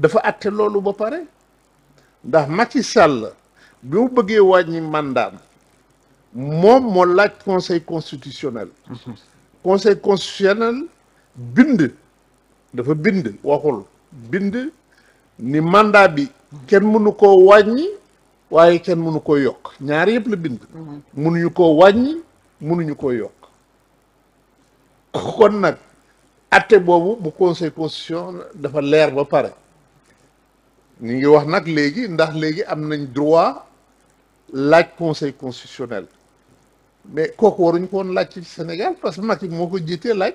dafa àtte loolu ba pare ndax Macky Sall bi mu bëggee wàññi mandaam moom moo laaj conseil constitutionnel. conseil constitutionnel bind dafa bind waxul bind ni mandat bi kenn mënu koo wàññi waaye kenn mënu koo yokk ñaar yëpp la bind. mënuñu koo wàññi mënuñu koo yokk kon nag atte boobu bu conseil constitution dafa leer ba pare. ñu ngi wax nag léegi ndax léegi am nañ droit laaj conseil constitutionnel mais kooku war waruñu ko woon laaj ci Sénégal parce que Macky moo ko jiitee laaj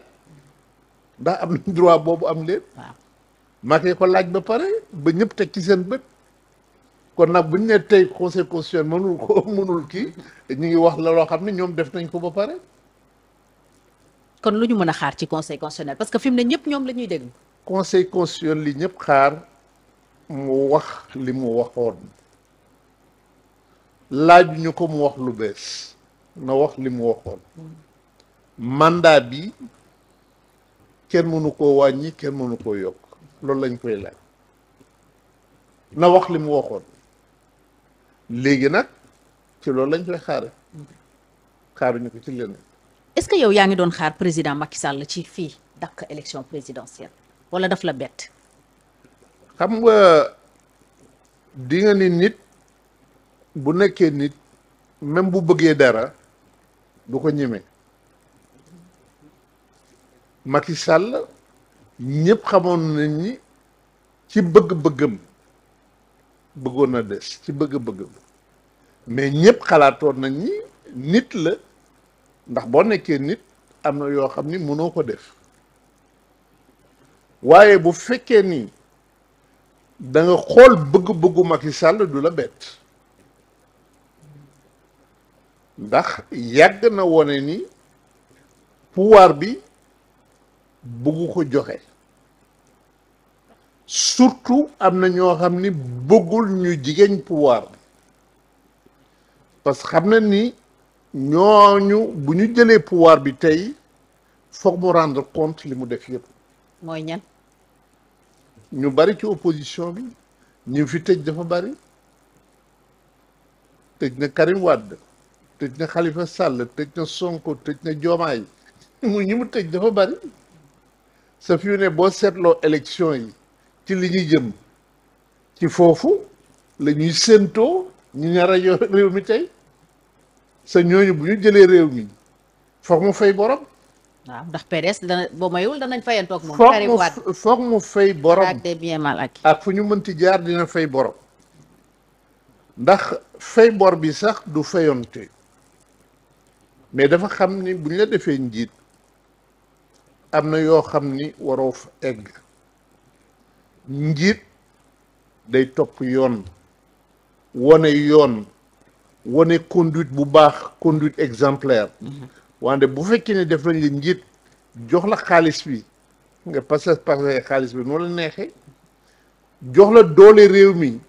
ndax am nañ droit boobu am leen Macky ko laaj ba pare ba ñëpp teg ci seen bët kon nag bu ñu nee tey conseil constitutionnel mënul ko mënul kii ñu ngi wax la loo xam ne ñoom def nañ ko ba pare kon lu ñu mën a xaar ci conseil constitutionnel parce que fi mu ne ñëpp ñoom la ñuy déglu conseil constitutionnel li ñëpp xaar mu wax li mu waxoon laaj ñu ko mu wax lu bees na wax li mu waxoon mandat bi kenn mënu koo wàññi kenn mënu koo yokk loolu lañ koy laaj na wax li mu waxoon léegi nag ci loolu lañ koy xaare xaaruñu ko ci leneen est-ce que yow yaa ngi doon xaar président Macky la ci fii dakk élection présidentielle wala daf la bett xam nga dinga nga ni nit bu nekkee nit même bu bëggee dara du ko ñeme Macky Sall ñëpp xamoon nañ ni ci bëgg-bëggam bëggoon na des ci bëgg-bëggam mais ñëpp xalaatoon nañ ni nit la ndax boo nekkee nit am na yoo xam ni mënoo ko def waaye bu fekkee nii danga xool bëgg-bëggu Macky sàll du la bett ndax yàgg na wone ni pouvoir bi bëggu ko joxe surtout am na ñoo xam ni bëggul ñu jigéen pouvoir parce que xam na ni ñooñu bu ñu jëlee pouvoir bi tey foog mu rendre compte li mu def yëpp. mooy ñu bari ci opposition bi ñu fi tëj dafa bari tëj na Karim Wade tëj na xalifa sàll tëj na Sonko tëj na Diomaye mu ñi mu tëj dafa bari sa fi ne boo seetloo élection yi ci li ñuy jëm ci foofu la ñuy séentoo ñu ñaar a réew mi tey sa ñooñu bu ñu jëlee réew mi foog mu fay borom waaw ah, ndax peres dana boo mayul danañ fayantoog moom. Karim Wade foog mu fay borom ak fu ñu mënti jaar dina fay borom. ndax fay bor bi sax du fayonte mais dafa xam ni bu ñu la defee njiit am na yoo xam ni waroo egg njiit day topp yoon wane yoon wane conduit bu baax conduite exemplaire. Mhm. wante bu fekkee ne def nañ la njiit jox la xaalis bi nga passé passé xaalis bi moo la neexee jox la doole réew mi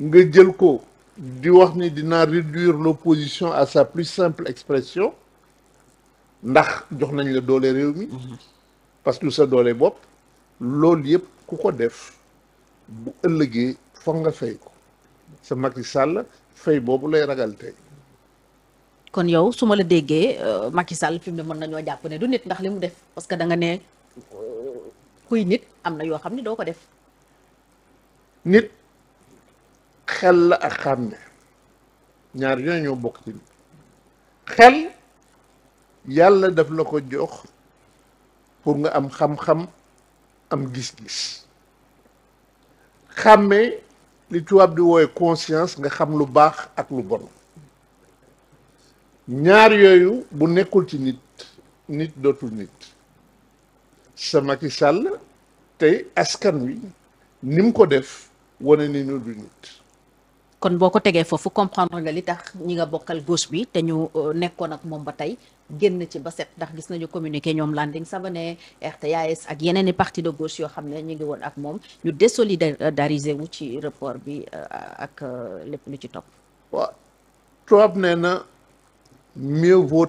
nga jël ko di wax ni dinaa réduire l'opposition à sa plus simple expression ndax jox nañ la doole réew mi mm-hmm. parce que sa doole bopp loolu yëpp ku ko def bu ëllëgee foog nga fay ko sa Macky sàll fay boobu lay ragal tey kon yow su ma la déggee euh, Macky Sall fi mu mën nañoo jàpp ne du nit ndax li mu def parce que da ne euh, kuy nit am na yoo xam ne doo ko def. nit xel la ak xàmme ñaar yooyu ñoo bokk ci xel yàlla daf la ko jox pour nga am xam-xam am gis-gis xàmme li tubaab di woowe conscience nga xam lu baax ak lu bon. ñaar yooyu bu nekkul ci nit nit dootul nit sa Macky Sall tey askan wi ni ko def wane ni ñu du nit kon boo ko tegee foofu comprendre nga li tax ñi nga bokkal gauche bi te ñu euh, nekkoon ak moom ba tey génn ci ba set ndax gis nañu communiqué ñoom Landing Savané RTA-S ak yeneen i parti de gauche yoo xam ne ñu ngi woon ak moom ñu désolidariser wu ci rapport bi euh, ak euh, lépp lu ci topp waaw nee na mieux vaut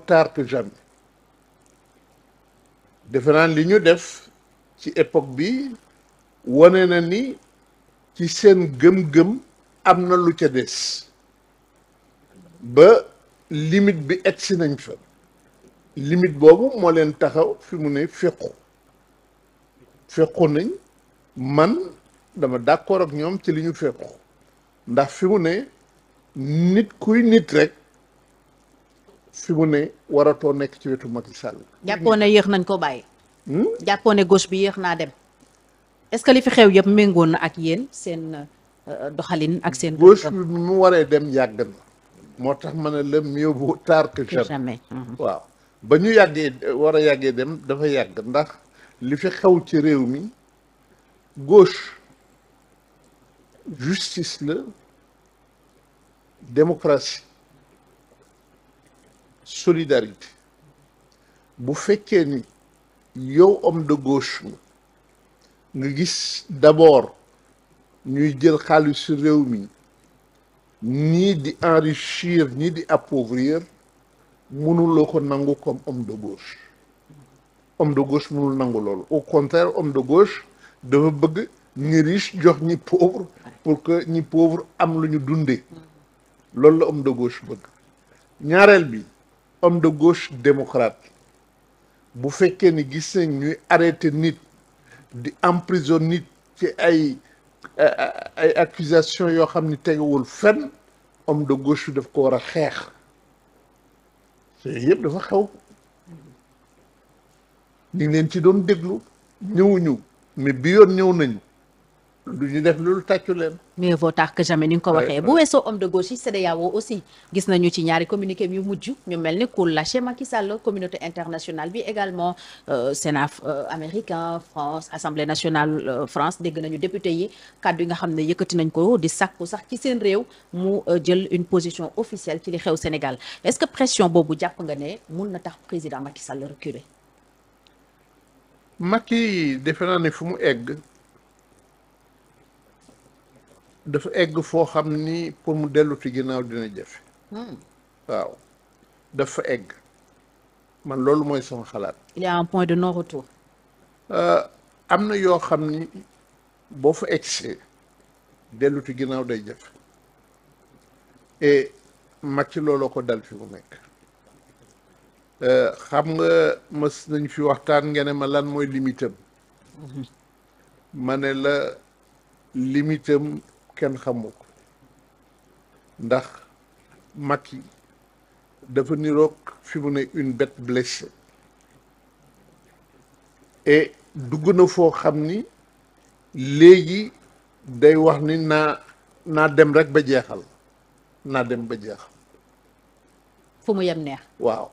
defe naan li ñu def ci époque bi wane na ni ci seen gëm-gëm am na lu ca des ba limite bi egsi nañ fa limite boobu moo leen taxaw fi mu ne féqu féqu nañ man dama d'accord ak ñoom ci li ñu féqu ndax fi mu ne nit kuy nit rek fi mu ne waratoo nekk ci wetu Macky Sall. jàppoo ne yéex nañ ko bàyyi. Hmm? jàppoo ne gauche bi yéex naa dem. est-ce que li fi xew yëpp méngóo na ak yéen seen euh, doxalin ak seen. gauche bi mu waree dem yàgg na. moo tax ma ne le mieux vaut tard que jamais. Mhm. waaw ba ñu yàggee war a yàggee dem dafa yàgg ndax li fi xew ci réew mi gauche justice la démocratie. solidarité bu fekkee ni yow homme de gauche nga gis d'abord ñuy jël ci réew mi nii di enrichir nii di appauvrir mënuloo ko nangu comme homme de gauche homme de gauche mënul nangu loolu au contraire homme de gauche dafa bëgg ñi riche jox ñi pauvre pour que ñi pauvre am lu ñu dundee loolu la homme de gauche bëgg ñaareel bi homme de gauche démocrate bu fekkee ni gis nañ ñuy arrêté nit di emprisonné nit ci ay ay accusations yoo xam ni tegewul fenn homme de gauche bi daf ko war a xeex yooyu yëpp dafa xew ñu ngi leen ci doon déglu ñëwuñu mais bi yoon ñëw nañu du ñu def loolu tàccu leen. mieux vaut que jamais ni nga ko waxee. bu weesoo homme de gauche yi CEDEAO aussi gis nañu ci ñaari communiqué yu mujj ñu mel ni ku lâché Macky Sall communauté internationale bi également euh, Sénat euh, américain France assemblée nationale euh, France dégg nañu député yi kàddu yi nga xam ne yëkkati nañ ko di sàkku sax ci seen réew mu jël une position officielle ci li xew Sénégal est-ce que pression boobu jàpp nga ne mun na tax président Macky Sall reculer. Macky dafa egg foo xam ni pour mu dellu ci ginnaaw dina jafe. Hmm. waaw dafa egg man loolu mooy sama xalaat. il de non euh, am na yoo xam ni boo fa eggsee dellu ci ginnaaw day jafe et Macky looloo ko dal fi mu nekk. Euh, xam nga mës nañu fi waxtaan nga ne lan mooy limitam mhm. ma ne la limitam kenn xamu ko ndax yi dafa niroog fi mu ne une bête blessée et dugg na foo xam ni léegi day wax ni naa naa dem rek ba jeexal naa dem ba jeexal. fu mu yem neex. waaw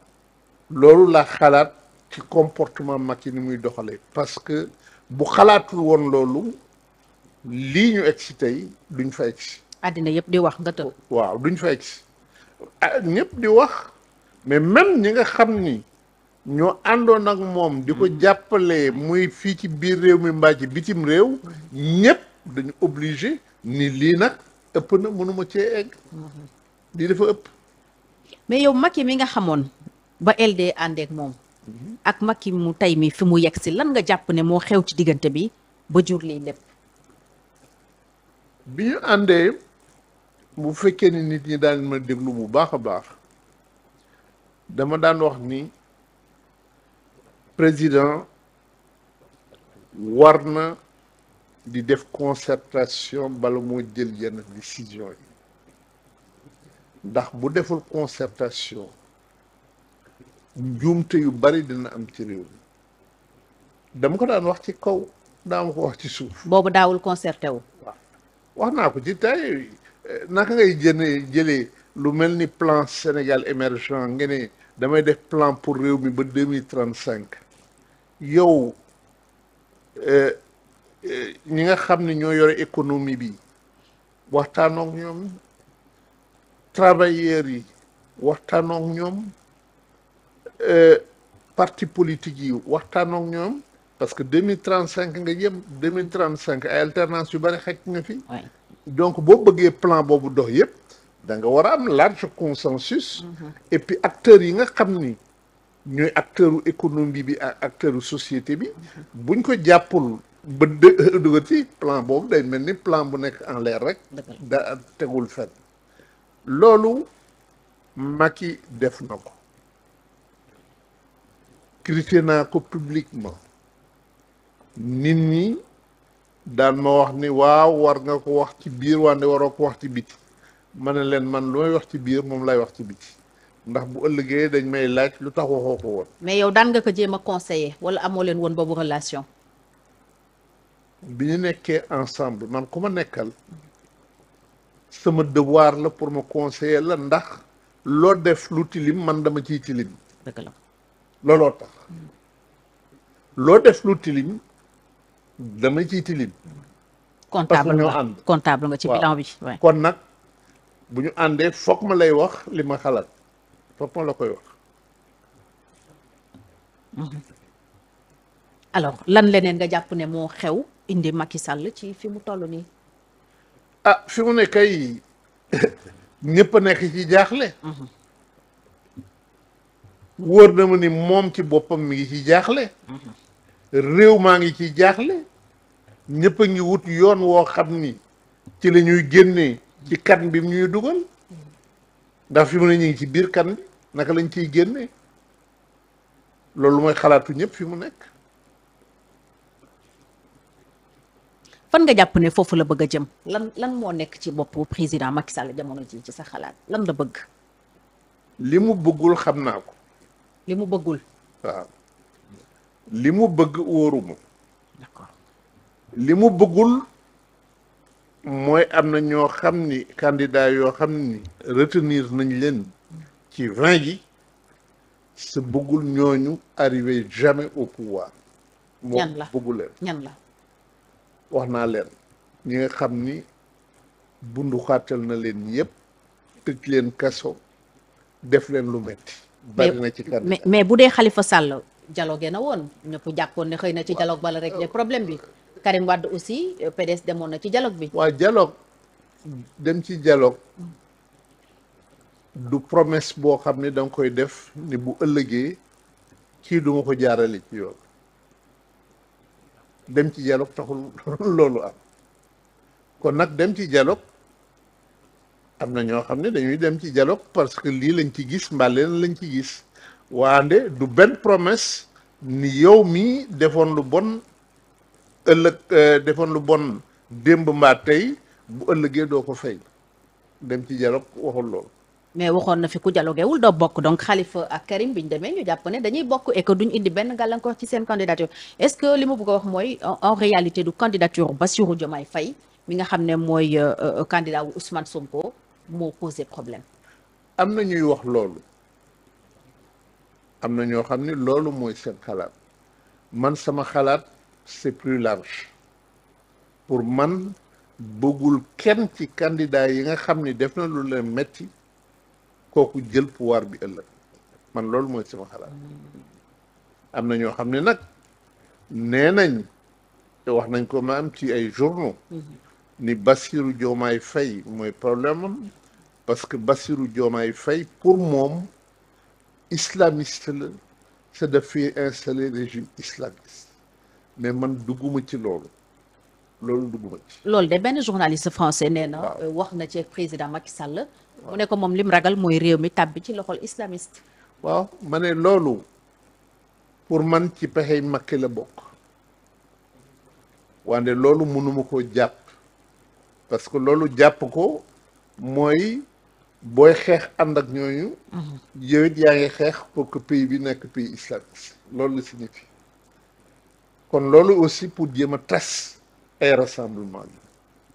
loolu laa xalaat ci comportement yi ni muy doxalee parce que bu xalaatul woon loolu. lii ñu egg si tey duñ fa egg si. àddina yëpp di wax nga tëb. waaw duñ fa egg si ah, ñëpp di wax mais même ñi nga xam ni ñoo àndoon ak moom di ko mm. jàppale muy fii ci biir réew mi mbaa ci bitim réew ñëpp dañu obligé ni lii nag ëpp na mënuma cee egg mm-hmm. lii dafa ëpp. mais yow Macky mi nga xamoon ba LD àndeek moom. Mm-hmm. ak Macky mu tey mi fi mu yegg si lan nga jàpp ne moo xew ci diggante bi ba jur lii lépp. bi ñu àndee bu fekkee ni nit ñi daan ma déglu bu baax a baax dama daan wax ni président war na di def concertation bala moo jël yenn décision yi ndax bu deful concertation njuumte yu bari dina am ci réew mi dama ko daan wax ci kaw daa ma ko wax ci suuf boobu daawul concerté wax naa ko ci tey eh, nak ngay jëne jëlee lu mel ni plan Sénégal émergent nga ne damay def plan pour réew mi ba deux mille trente cinq yow eh, eh, ñi nga xam ni ñoo yore économie bi waxtaanook ñoom travailleurs yi waxtaanook ñoom parti politique yi waxtaanook ñoom parce que deux mille trente cinq nga jëm deux mille trente cinq ay alternance yu bëri xaj nga fi. donc boo bëggee plan boobu dox yëpp da nga war a am large consensus. Mm-hmm. et puis acteurs yi nga xam ni ñooy acteur u économie bi ak acteur société bi mm-hmm. buñ ko jàppul ba dëgër ci plan boobu day mel ni plan bu nekk en leer rek. da tegul fenn loolu Macky def na ko. critiqué naa ko publiquement. nit ñi daan ma wax ni waaw war nga ko wax ci biir wande waroo ko wax ci biti ma ne leen man lu may wax ci biir moom lay wax ci biti ndax bu ëllëgee dañ may laaj lu tax waxoo ko woon. mais yow daan nga ko jéem ma conseiller wala amoo leen woon boobu relation. bi ñu nekkee ensemble man ku ma nekkal sama devoir la pour ma conseiller la ndax loo def lu tilim man dama ciy tilim. dëgg la looloo tax loo def lu tilim. dama ciy tilim. comptable nga ànd comptable nga ci bilan bi kon nag bu ñu àndee foog ma lay wax li ma xalaat foog ma la koy wax. Mhm. alors lan leneen nga jàpp ne moo xew indi Macky sàll ci fi mu toll nii. ah fi mu ne kay ñépp a nekk ci jaaxle. Mhm. wóor na ma ni moom ci boppam mi ngi ci jaaxle. Mhm. réew maa ngi ci jaaxle ñëpp a ngi wut yoon woo xam ni ci la ñuy génnee ci kan bi ñuy dugal ndax fi mu ne ci biir kan bi naka lañ ciy génnee loolu mooy xalaatu ñëpp fi mu nekk. fan nga jàpp ne foofu la bëgg a jëm lan lan moo nekk ci boppu président Macky Sall jamono ji ci sa xalaat lan la bëgg. li mu bëggul xam naa ko. li mu bëggul. waaw. li mu bëgg wóoru li mu bëggul mooy am na ñoo xam ni candidat yoo xam ni retenir nañ leen ci vingt yi sa bëggul ñooñu arriver jamais au pouvoir ñan la wax naa leen ñi nga xam ni bundu xaatal na leen yépp tëj leen kaso def leen lu metti bari ci candidat mais bu dee Khalifa Sall dialogué na woon ñëpp jàppoon ne xëy na ci dialogue bala rek de problème bi Karim Wade aussi euh, PDS demoon na ci dialogue bi waaw dialogue dem ci dialogue du promesse boo xam ne da koy def ni bu ëllëgee kii duma ko jaarale ci yoon dem ci dialogue taxul loolu am kon nag dem ci dialogue am na ñoo xam ne dañuy dem ci dialogue parce que lii lañ ci gis mbaa leen lañ ci gis waande du benn promesse ni yow mii defoon lu bon ëllëg euh, defoon lu bon démb mbaa tey bu ëllëgee doo ko fay dem ci dialogue waxul loolu mais waxoon na fi ku dialoguewul da bokk donc Khalifa ak Karim bi ñu demee ñu jàpp ne dañuy bokk et que duñ indi benn gàllankoor ci seen candidature est-ce que li ma bëgg a wax mooy en réalité du candidature Bassirou Diomaye Faye mi nga xam ne mooy euh, euh, candidat wu Ousmane Sonko moo posé problème am na ñuy wax loolu am na ñoo xam ni loolu mooy seen xalaat man sama xalaat c'est plus large pour man bëggul kenn ci kandidaa yi nga xam ni def na lu leen metti kooku jël pouvoir bi ëllëg man loolu mooy sama xalaat am na ñoo xam ne nag nee nañ te wax nañ ko ma am ci ay journaux ni Bassirou Diomaye Faye mooy problème am parce que Bassirou Diomaye Faye pour moom islamiste la te daf fi installé régime islamiste mais man dugguma ci loolu loolu dugguma ci. loolu de benn journaliste français nee na. wax na ci président Macky Sall. mu ne ko moom lim ragal mooy réew mi tàbbi ci loxol islamiste. waaw ma ne loolu pour man ci pexey Macky la bokk wante loolu mënuma koo jàpp parce que loolu jàpp ko mooy. booy xeex ànd ak ñooñu. yow it yaa ngi xeex pour que pays bi nekk pays islamiste loolu la signifie kon loolu aussi pour jéem a tas ay rassemblement yi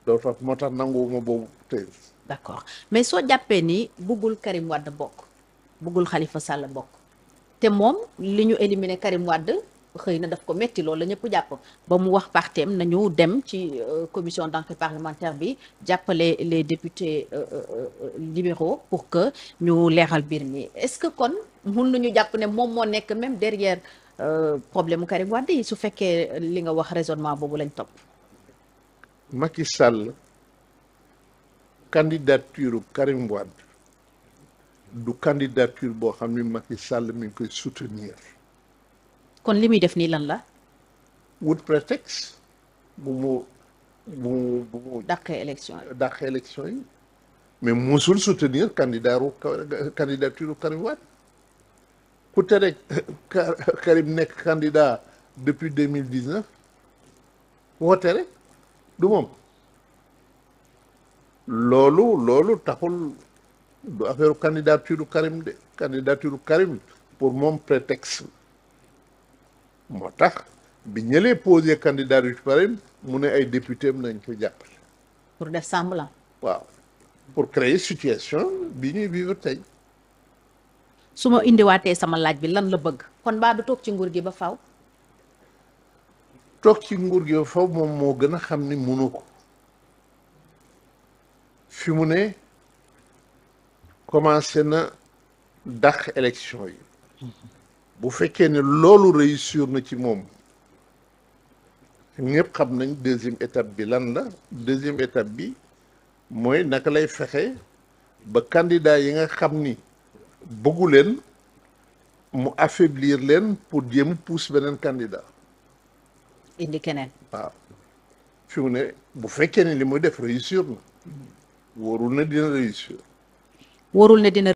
loolu tax moo tax nanguwuma boobu tey. d'accord mais soo jàppee ni buggul Karim Wade bokk buggul xalifa Sall bokk te moom li ñu éliminé Karim Wade. xëy na daf ko métti loolu la ñëpp jàpp ba mu wax parteem nañu dem ci euh, commission d'enquête parlementaire bi jàppale les députés euh, euh, libéraux pour que ñu leexal mbir mi est-ce que kon mun nañu jàpp ne moom moo nekk même derrière problème Karim Wade yi su fekkee li nga wax raisonnement boobu lañ topp Macky Sall candidature Karim Wade du candidature boo xam ni Macky Sall mi ngi koy soutenir kon li muy def nii lan la. wut prétexte bu mu bu mu bu mu. dàqee élection yi dàqee mais musul soutenir candidat ru candidature ku tere Karim nekk candidat depuis deux mille dix neuf woote du moom loolu loolu taxul du affaire candidature Karim de candidature Karim pour moom prétexte. moo tax bi ñëlee posé candidat yu ci pare mu ne ay député am nañ ko jàppale. pour def semblant. waaw pour créer situation bi ñuy vivre tey. su ma indiwaatee sama laaj bi lan la bëgg. kon baa du toog ci nguur gi ba faw toog ci nguur gi ba moom moo gën a xam ni munu ko fi mu ne commencé na dàq élection yi. bu fekkee ne loolu réussir na ci moom ñëpp xam nañ deuxième étape bi lan la deuxième étape bi mooy naka lay fexe ba candidat yi nga xam ni bëggu leen mu affaiblir leen pour jéem pousse beneen candidat. indi keneen. waaw fi mu ne bu fekkee ne li muy def réussir na mm-hmm. wóorul na dina réussir. wóorul na dina.